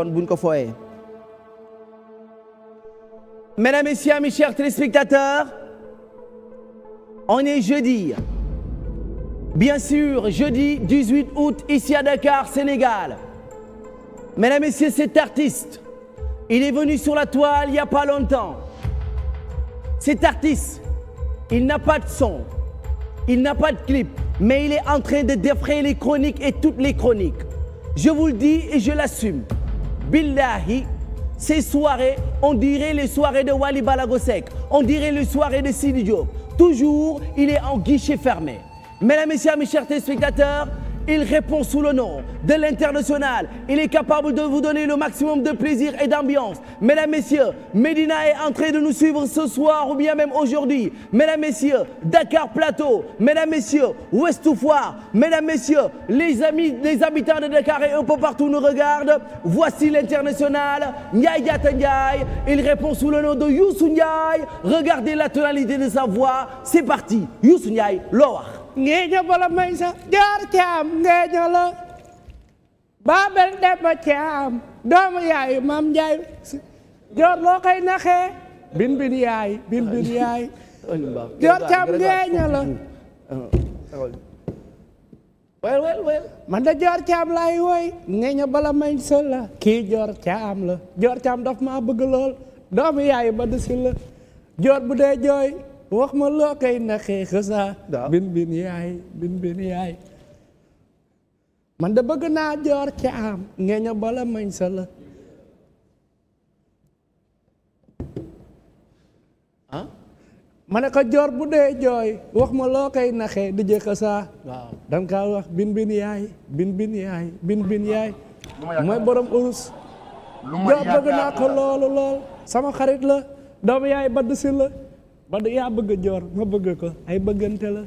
kon buñ ko fooyee Mesdames, Messieurs, mes chers téléspectateurs, on est jeudi. Bien sûr, jeudi 18 août, ici à Sénégal. Mesdames, Messieurs, cet artiste, il est venu sur la toile a pas longtemps. est en train de défrayer les chroniques et toutes les chroniques. Je vous le dis et je l'assume. billahi ces soirées on dirait les soirées de Wally Balago Seck on dirait les soirées de Sidi Diop toujours il est en guichet fermé mesdames et messieurs mes chers téléspectateurs Il répond sous le nom de l'international. Il est capable de vous donner le maximum de plaisir et d'ambiance. Mesdames, Messieurs, Médina est en train de nous suivre ce soir ou bien même aujourd'hui. Mesdames, Messieurs, Dakar Plateau. Mesdames, Messieurs, Ouest Foire. Mesdames, Messieurs, les amis, les habitants de Dakar et un peu partout nous regardent. Voici l'international, Ndiaye Diatta Il répond sous le nom de Youssou Ndiaye. Regardez la tonalité de sa voix. ngeeña bala may sa joor caam ngeeña la baabel demba caam doomu yaayu maam njaay joor loo koy bin bin yaay bin bin yaay joor caam ngeeña la wel joor caam laay woy ngeeña bala may la kii joor caam la joor caam daf maa bëgg doomu yaayu ba du la joor bu dee jooy wax ma loo koy naxee xësa bin bin yaay bin bin yaay man da bëgg naa joor ci am ngeeño bala mañ la ah ma ne ko joor bu dee jooy wax ma loo koy naxee di jëkk saa waaw danga kaa wax bin bin yaay bin bin yaay mooy borom urus joor bëgg naa ko loolu lool sama xarit la doomu yaay badd si la ba da yaa bëgg joor ma bëgg ko ay bëggante la.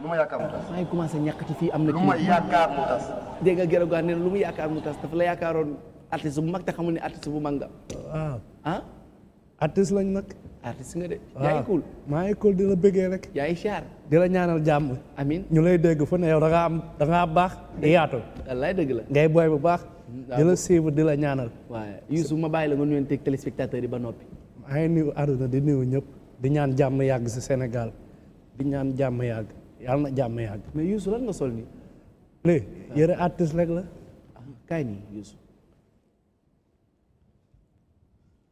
lu ma yaakaar mu tas. maa ngi commencé ñàkk ci fii am na. lu ma yaakaar mu tas. dégg nga gërëm gaa nee na mu yaakaar mu la yaakaaroon artiste bu mag te xamul ne artiste bu mag nga. waaw ah. artiste lañ nag. artiste nga de. yaa cool maa ngi cool di la bëggee rek. yaay ngi siyaar. di la ñaanal jàmm. amiin ñu lay dégg fu ne yow da am da baax. di yaatu. wallaay dëgg la. ngay booy bu baax. Mm, di la suivre di la ñaanal. waaye Youssou ma bàyyi la nga nuyoon teg téléspectateur yi ba noppi. maa ngi nuyu àdduna di nuyu ñëpp di ñaan jàmm yàgg si senegal di ñaan jàmm yàgg yàlla na jàmm yàgg. mais Youssou lan nga sol nii. lii yëre artiste rek la. kaay nii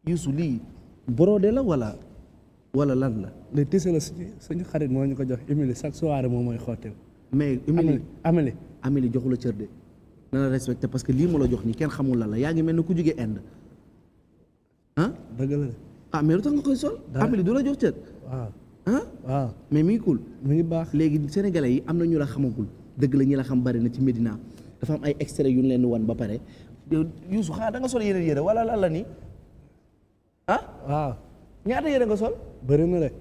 Youssou. lii brodé la wala wala lan la. lii tise la suñu suñu xarit moo ñu ko jox Émilie chaque soirée moom mooy xottil. mais Émilie Amélie Amélie joxu la cër de. na la parce que lii ma la jox nii kenn xamul lan la yaa ngi mel ni ku jóge Inde ah. dëgg la. ah mais lu tax nga koy sol. am li jox cër. waaw ah. waaw ah? ah. mais mi ngi cool. mi ngi baax léegi sénégalais yi am na ñu la xamagul dëgg la ñi xam bari na ci Medina dafa am ay extrait yu ñu leen wan ba pare yow Youssou nga sol yeneen yére wala lan la nii ah? ñaata yére nga sol. bëri na rek.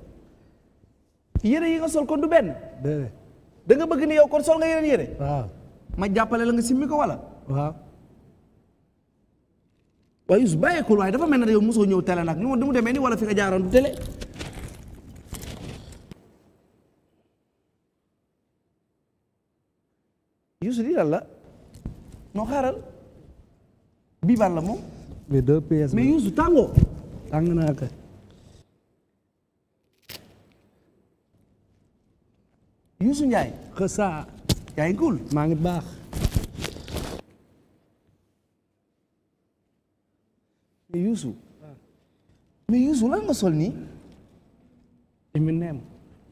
yére yi nga sol kon du benn. da bëgg ni yow kon sol nga yeneen yére. waaw ma jàppale la nga simmi ko waaye Youssou bàyyeekul waaye dafa mel ne yow mosoo ñëw télé nak nu mu demee ni wala fi nga jaaroon du télé Youssou lii lan la noo xaaral bii ban moom. mais deux PS mais Youssou tàngoo. tàng naa ko. Youssou Ndiaye. xësa. yaa ngi cool. maa ngi baax. Youssou mais Youssou lan nga sol nii. Eminem.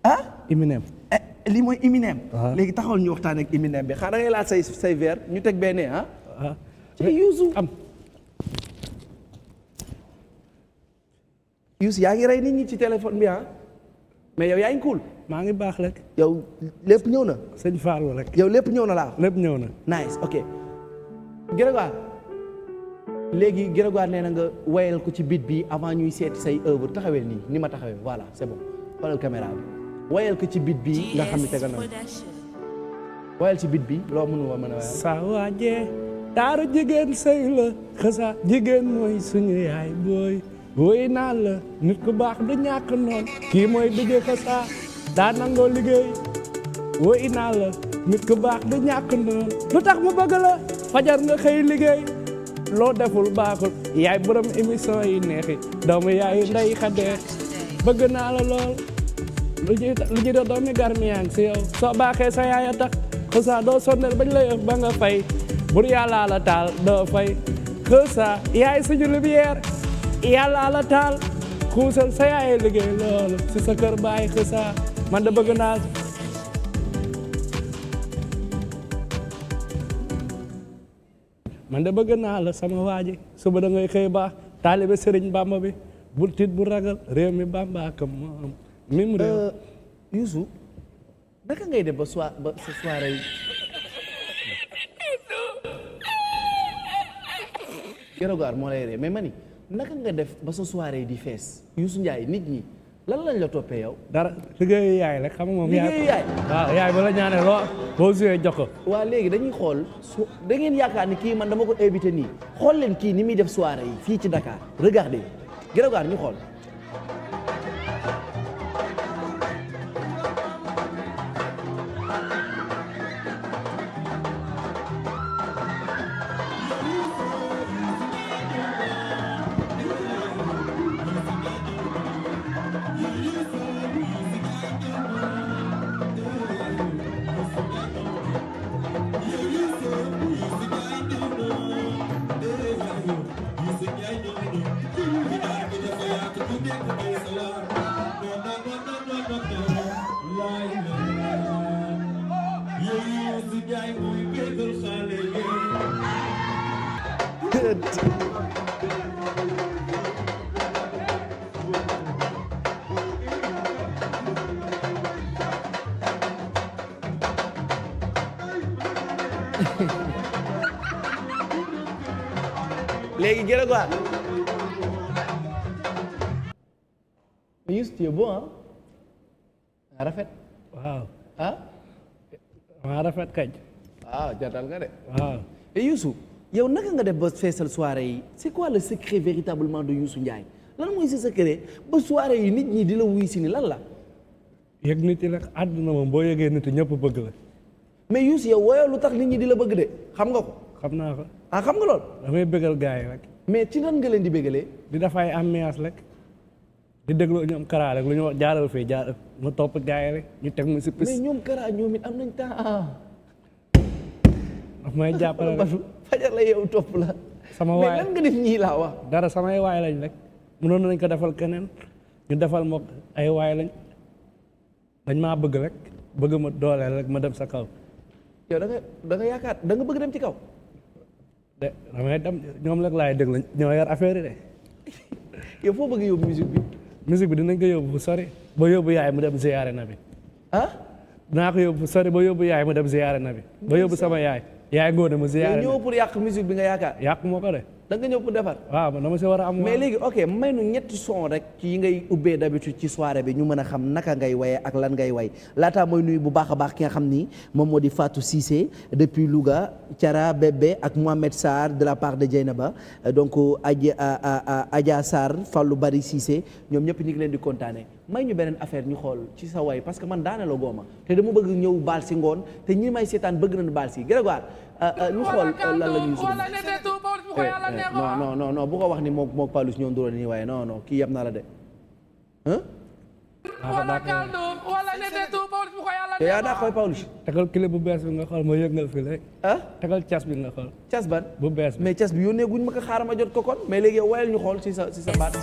ah Eminem. Eh, lii mooy Eminem. léegi taxawal ñu waxtaan ak Eminem bi xaaral ngay laaj say say ñu teg benn ah. ci am. Youssou yaa ngi rey nit ñi ci téléphone bi ah. mais yow yaa ngi maa ngi baax rek. yow lépp ñëw na. sëñ Fallou rek. yow lépp ñëw na laa. lépp ñëw na. nice ok. Grégoire. léegi Grégoire nee na nga wayal ko ci bit bi avant ñuy seet say œuvre taxawel nii ni ma taxawee voilà c'est bon xoolal caméra ko ci bit bi nga xam ne tegal na wayal ci bit bi loo mënu wa mën a wayal saa waajee taaru jigéen sëy la xasa jigéen mooy suñu yaay booy woy naa la nit ku baax du ñàkk noon kii mooy dëgg xasa daa nangoo liggéey woy naa la nit ku baax du ñàkk noon lu tax mu bëgg la fajar nga xëy liggéey loo deful baaxul yaay borom émission yi neexi doomu yaayu ndey xadee bëgg naa la lool lu ji lu ji si yow soo baaxee sa yaay a tax xësa doo sonnel bañ lay ëf ba nga fay bur yàllaa la taal doo fay xësa yaay suñu lumière yàllaa la taal xuusal sa yaay liggéey loolu si sa baay xësa man da bëgg naa man de bëgg naa la sama waa suba da ngay xëy baax taalibe sëriñ bàmba bi bul tiit bu ragal réew mi bàmba kam moom même réew euh, Youssou naka ngay def ba soir ba moo lay ree mais mani naka nga def ba sa di fees Youssou Ndiaye nit ñi lan lañ la toppee yow. dara liggéeyu yaay rek xam nga moom. liggéeyu yaay waaw yaay ba la ñaanee loo boo suyee jox ko. waaw léegi dañuy xool su da ngeen yaakaar ni kii man dama ko invité nii xool leen kii ni muy def soirée yi fii ci dakaar Dakar regardez gërëm ñu xool. jaay mooy bégal xale yi léegi gërë quoi. mais Youssou tu es beau ah. rafet. waaw. waaw rafet kañ. ah jaataal nga de. waaw et eh, Youssou yow naka nga def ba feesal soire yi c'est quoi le secret véritablement de Youssou Ndiaye lan mooy si secret ba soirée yi nit ñi di la wuy si ni lan la. yëg nit yi rek àdduna moom boo yëgee nit ñëpp bëgg la. mais Youssou yow woyoo lu tax nit ñi di la bëgg de xam nga ko. xam naa ko ah xam nga lool. damay bëggal gars yi rek. mais ci nan nga leen di bëggalee. di def ay ambiance rek. di déglu ñoom Kara rek lu ñu wax jaaral fii jaaral ma topp gars rek ñu teg ma si piste. ñoom Kara ñoom it am nañ temps ah. may jàppale rek fajar topp la. sama waay mais lan nga def ñii laa wax. dara samay waay lañ rek mënoon nañ ko defal keneen ñu defal mook ay waay lañ dañ maa bëgg rek bëgg ma dooleel rek ma dem sa kaw. yow da nga yaakaar danga bëgg dem ci kaw. de damay dem ñoom rek laay déglu ñoo yar affaire yi de. yow foo bëgg yóbbu musique bi. musique bi dinañ ko yóbbu bu sori ba yóbbu yaay mu dem ziyaare na bi ah dinaa ko sori ba yóbbu yaay mu dem ziyaare na bi ba yóbbu sama yaay yaay ngóone mu ziyaare ñëw pour yàq musique bi nga yaakaar yàq moo ko de da nga ñëw pour defar. waaw ah, war a am. mais léegi ok may nu ñetti son rek ci yi ngay ubbee d'habitude ci soirée bi ñu mën a xam naka ngay waye ak lan ngay way laataa mooy nuyu bu baax a baax ki nga xam ni moom moo di Fatou Cissé depuis Louga Thiara Bébé ak Mohamed Sarr de la part de Dieynaba donc Adja Adja Sarr Fallou Bari Cissé ñoom ñëpp ñu ngi leen di kontaanee may ñu beneen affaire ñu xool ci sa way parce man daaneel la gooma te dama bëgg ñëw baal si ngoon te ñi may seetaan bëgg nañu baal si Grégoire Euh, euh, ñu xool euh, lan la ñuy eh, eh, non non ko wax ni moo moom Pawlish ñoom du nii waaye non non kii yab naa la de. te yaa daa tegal clé bu bees bi nga xool ma yëngal fii rek. ah tegal cas bi nga xool. cas ban bu bees mais cas bi yónnee guñ ma ko xaaral ma jot ko kon mais léegi wayal ñu xool si sa si sa baat.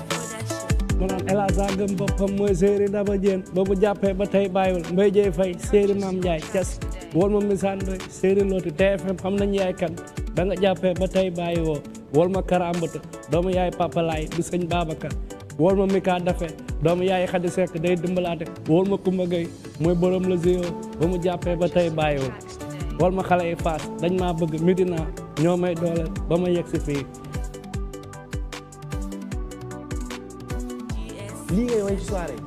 ma naan El Hadj Agam boppam mooy séeri daba jéen ba mu jàppee ba tey bàyyiwul mbay jëy fay séeri maam Ndiaye cas. wol ma misaan doy séeréer looti TFM xam nañ yaay kan da nga jàppee ba tey bàyyi woo wol ma karambata doomu yaay papa laay sëñ Babacar wol ma Mika Dafe doomu yaay Xadi Seck day dimbalaate wol ma Kumba Gay mooy borom la zéo ba mu jàppee ba tey bàyyi woo wol ma xale yi faas dañ maa bëgg Medina ñoo may dooleel ba ma yegg si fii lii way ci soirée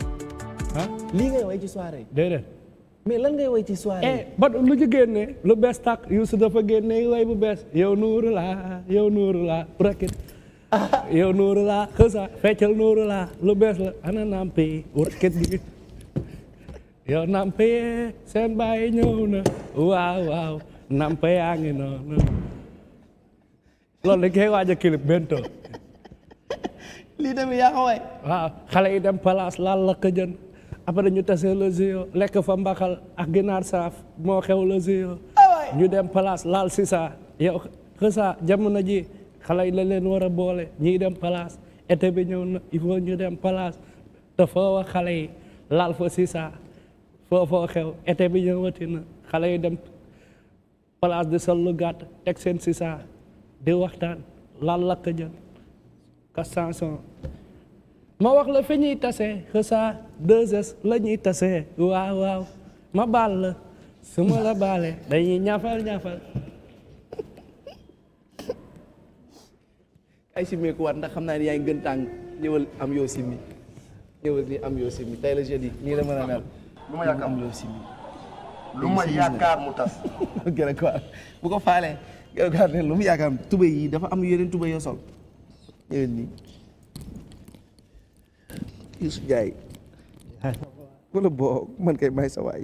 ah lii ngay way ci soirée déedéet mais lan ngay woy ci soirée. Eh, ba lu ci génne lu bees tàq Youssou dafa génne way bu bees yow nuuru laa yow nuuru laa bracket yow nuuru laa xësa feccal nuuru laa lu bees la ana nampe bracket bi yow nampe yee seen bàyyi ñëw waaw waaw nampe yaa ngi noonu loolu dañ koy waaj a clip bento lii tamit yaa ko way waaw xale yi dem palaas laal la ko après ñu tase la GIE lekk fa mbaxal ak ginaar saaf moo xew la GIE ñu dem place laal si saa yow xësa jamono ji xale yi la leen war a boole ñii dem place été bi ñëw ñu dem place te foo wax xale yi laal fa si saa foofoo xew été bi ñëwati xale yi dem place di sol lu gàtt teg seen si saa di waxtaan laal lakk jën kastanson ma wax la fe ñuy tase xësa deux la ñuy tase waaw waaw ma baal la su la baale dañuy ñaafal ñaafal ay simmeeku waat ndax xam naa ni yaa ngi ñëwal am yoo simmi ñëwal ni am yoo simmi tey la jeudi nii la mën a mel lu ma yaakaar lu ma yaakaar mu tas gërë quoi bu ko faalee ne lu mu yaakaar tubéy yi dafa am yeneen tubéy yoo sol ñëwal nii Youssou Ndiaye wala boo man kay may sa waay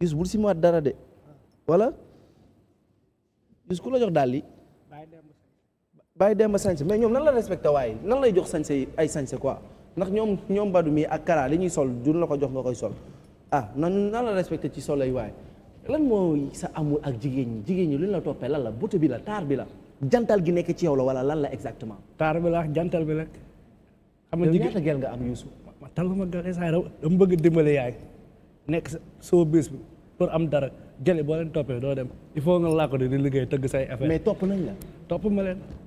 Youssou bul si maat dara de wala Youssou ku la jox daal yi bàyyi dem ba sañse mais ñoom nan la respecté waaye nan lay jox sañse ay sañse quoi ndax ñoom ñoom badu mi ak kara li ñuy sol duñ la ko jox nga koy sol ah nan nan la respecté ci sol ay waaye lan mooy sa amul ak jigéen ñi jigéen ñi lu ñu la toppee lan la beauté bi la taar bi la jantal gi nekk ci yow la wala lan la exactement taar bi la jantal bi la xam nga jigéen gel nga am Youssou ma taluma gel eh, saa bëgg dimbale yaay nekk sa soo bis bi pour am dara gele boo leen toppee doo dem il faut nga laa ko di tëgg say affaire topp nañ la topp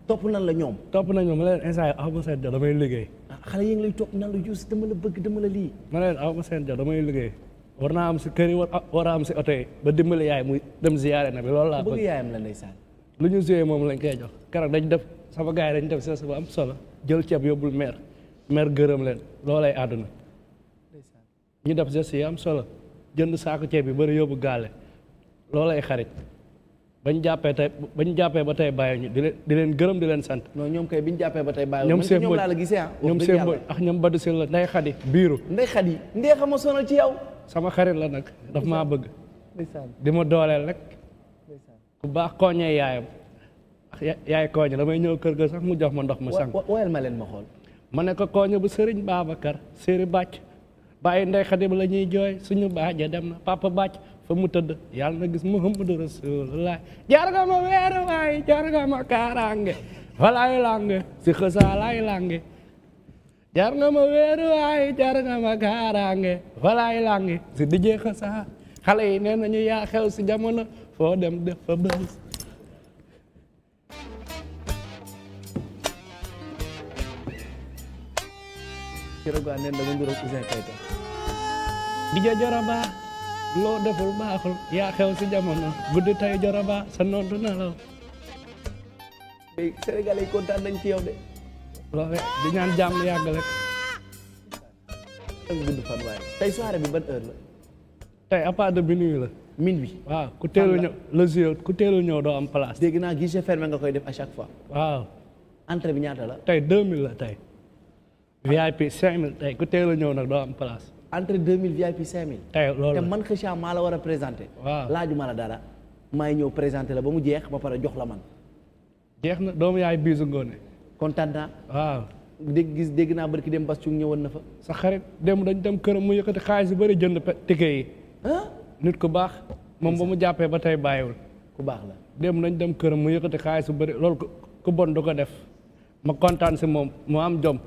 topp nan la ñoom topp nañ ma ma leen instant eh, yi aw jox damay liggéey ah, xale yi ngi lay topp nan la Youssou dama bëgg dama la ma leen aw ma seen jox damay liggéey war naa am si kër yi war ah, a am si oto yi ba dimbali yaay muy dem ziyaare na bi loolu laa bëgg yaayam la ndeysaan lu ñu joué moom lañ koy jox keroog dañ def sama gars yi dañ def si ba am solo jël ceeb yóbbul meer mer gërëm leen loolay àdduna ñu def geste yi am solo jënd saako ceeb bi bari yóbbu gaale loolay xarit bañ jàppee tey bañ jàppee ba tey bàyyi ñu di leen di leen gërëm di leen sant. non ñoom kay biñ jàppee ba tey bàyyi ñoom seen ñoom gisee ah. ñoom seen ak ñoom Badou Seye la Ndeye Khady biiru. Ndeye Khady ndee xam ma sonal ci yow. sama xarit la nag daf maa bëgg. di ma dooleel rek. ku baax kooñee yaayam. yaay kooñe damay ñëw kër ga sax mu jox ma ndox ma sang. woyal ma leen ma xool. ma ne ko kooñe bu sëriñ Babacar séeri bàcc bàyyi ndey xadim la ñuy jooy suñu baaja dem na papa bàcc fa mu tëdd yàlla na gis Muhammadu Rasulullah jar nga ma weeru kaaraange falay lange si xësaalay lange jar nga ma waay jar kaaraange falay lange si dijee xësaa xale yi nee nañu yaa xew si jamono foo dem def fa bës ko ah neen dama nduroog Ouzin Keita dijo joraba loo deful baaxul yaa xew si jamono guddi tay joraba sa noon nalaw Sénégalais kontaan nañ ci yow de di ñaan jàmm yàgg rek gudd fan waaye bi ban heure la tey à part de minuit la minuit waaw ku teelu ñëw le jour ku teelu ñëw doo am place dégg naa guichet fermé nga koy def à chaque fois waaw entrée bi ñaata la tey 2000 la tey VIP 5000 tey ku teel a ñëw nag doo am place. entre 2000 VIP 5000. tey loolu te man Kheucha maa la war a présenté. waaw laajuma la dara. maay ñëw présenté la ba mu jeex ba pare jox la man. jeex na doomu yaay biisu ngoone. kontaan naa. waaw. dégg gis dégg naa ki dem bas ci ñëwoon na fa. sa xarit dem dañ dem këram mu yëkkati xaalis yu bëri jënd ticket yi. nit ku baax. moom ba mu jàppee ba tey bàyyiwul. ku baax la dem nañ dem këram mu yëkkati xaalis yu bëri loolu ku bon du ko def. ma kontaan si moom mu am jom.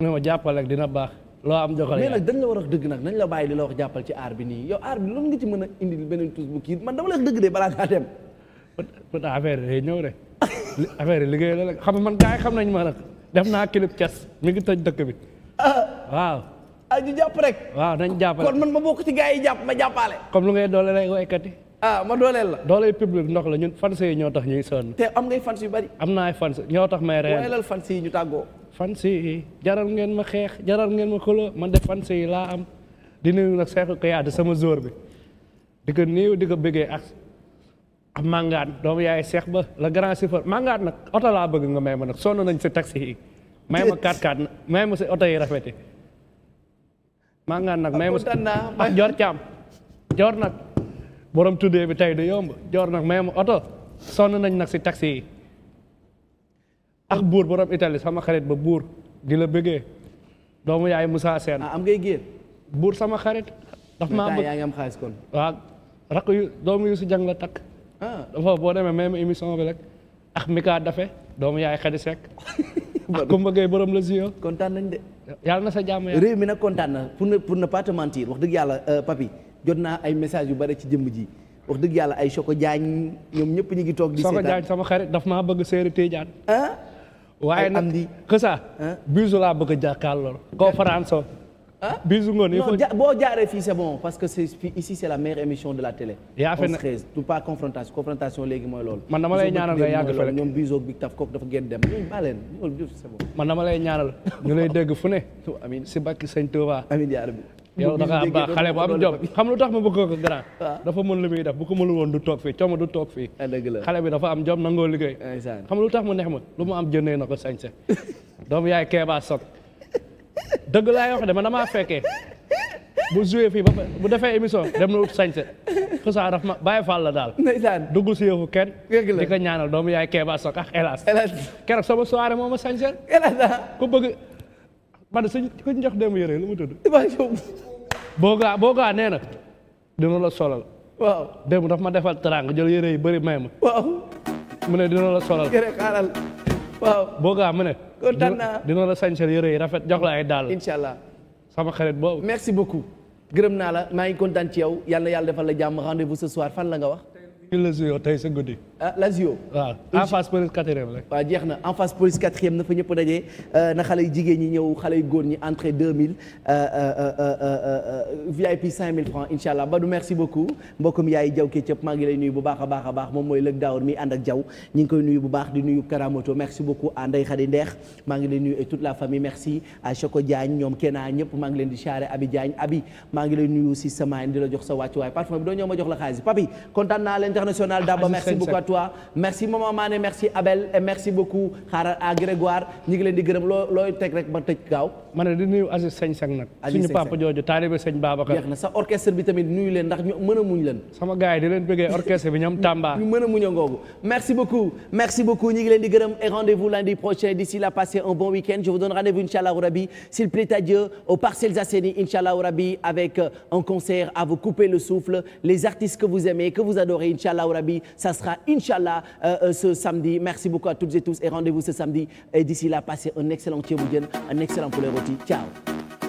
ne ma jàppal ak dina baax loo am joxal mais nag dañ la war dëgg nag nañ la bàyyi li la wax jàppal ci aar bi nii yow aar bi loolu nga ci mën a indil beneen tuus bu kii man dama la wax dëgg de balaa ngaa dem peut affaire yi ñëw de affaire yi liggéey la nag xam man gars xam nañ ma def naa clip ces mi ngi tëj dëkk bi ah. waaw ah ñu jàpp rek waaw nañ jàppale kon man ma bokk ci gars yi jàpp ma jàppale comme lu ngay doole lay waykat yi ah ma dooleel la dooleel la ñun fans yi ñoo tax ñuy sonn te am ngay fans yu bari am naa ay ñoo tax may reelal fans yi ñu tàggoo fansi yi jaral ngeen ma xeex jaral ngeen ma xuloo man de fansi yi laa am di nuyu nag Cheikhou Kouyaté sama joor bi di ko néew di ko bëggee ak am màngaan doomu yaay Cheikh ba la grand chauffeur màngaan nag oto laa bëgg nga may ma nag sonn nañ si taxi yi may ma 4x4 may ma si oto yi rafete màngaan nag may ma si ak jor caam jor nag borom tuddee bi tey du yomb joor nag may ma oto sonn nañ nag si taxi yi ak buur borom itali sama xarit ba buur di la bëggee doomu yaay Moussa Sène ah, am ngay géer buur sama xarit daf maa bëgg yaa ngi xaalis kon waaw rakk yu doomu yu si jàng takk ah. dafa boo demee même émission bi rek ak mi kaa dafe yaay xadi sekk ak Kumba borom la sio kontaan nañ yàlla na sa jàmm ya mi nag kontaan pour ne pour ne pas te mentir wax dëgg yàlla euh, papi jot naa ay message yu bari ci jëmm ji wax dëgg yàlla ay Soko Jaañ ñoom ñëpp ñu ngi toog di sama xarit daf maa bëgg séeri Tijaan ah? waaye nag xësa bisu laa bëgg a jàkkaar lool conférence o bisu ngoon il faut boo jaaree fii c'est bon parce que c'est ici c'est la meilleure émission de la télé yaa fi na pas confrontation léegi mooy loolu man dama lay ñaanal nga yàgg fi rek ñoom bisoog bi taf kook dafa génn dem ñoom baleen loolu lay ñaanal ñu lay dégg fu ne amiin si bakki sëñ Touba amiin yaa bi yow da nga am baax xale bu am jom xam lu tax ma bëgg ko grand dafa mën lu muy def bu mënul woon du toog fii coomo du toog fii ah, xale bi dafa am jom nangoo liggéey xam lu tax mu neex ma lu mu am jëndee na ko sañse doomu yaay Kéba Sock dëgg laay wax de man damaa fekkee bu joué fii ba bu defee émission dem na ut sañse xusaa daf ma bàyyi fàll la daal ndeysaan dugg si yëfu kenn di ko ñaanal doomu yaay Kéba Sock ak hélas keroog sama soirée moo ma sañse ah. ku man de suñ ku jox démb yére lu mu tudd. Iba Diop. boogaa boogaa nee na dina la solal. waaw démb daf ma defal teraanga jël yére yu bëri may ma. waaw. mu ne dina la solal yére xaaral mu ne. kontaan naa dina la sañsel yére yi rafet jox la ay daal incha allah sama xarit boobu. merci beaucoup. gërëm naa la maa ngi kontaan ci yow yàlla yàlla defal la jàmm rendez-vous ce soir fan la nga wax. ñu la tey sa guddi. ah Lazio. waaw en face police quatrième rek. waaw jeex na fa ñëpp dajee euh, na xale yu jigéen ñi ñëw xale yu góor ñi entrée 2000 VIP 5000 francs incha allah Badou merci beaucoup mbokkum yaay Diaw Ketchup maa ngi lay nuyu bu baax a baax a baax moom mooy lëg daawar mi ànd ak Diaw ñu ngi koy nuyu bu baax di nuyu Karamoto merci beaucoup à Ndeye Khady Ndeex maa ngi lay nuyu et toute la famille merci à Choco Diagne ñoom Kena ñëpp maa ngi leen di charé Abi Diagne Abi maa ngi lay la jox sa wàccuwaay parfois toi merci maman Mané merci Abel et merci beaucoup Grégoire ñi ngi looy teg rek ma tëj gaaw ma ne di nuyu Seng Seng nag suñu papa jooju taalibe sëñ Babacar jeex orchestre bi tamit nuyu leen ndax ñu mën ngoogu merci beaucoup merci beaucoup et rendez lundi prochain d'ici là passez un bon week je vous donne rendez-vous Rabbi s'il plaît à Dieu aux Parcelles Assainies Rabbi avec euh, un concert à vous couper le souffle les inchallah euh, euh, ce samedi merci beaucoup à toutes et tous et rendez-vous ce samedi et d'ici là passez un excellent ceebu jën un excellent poulet rôti ciao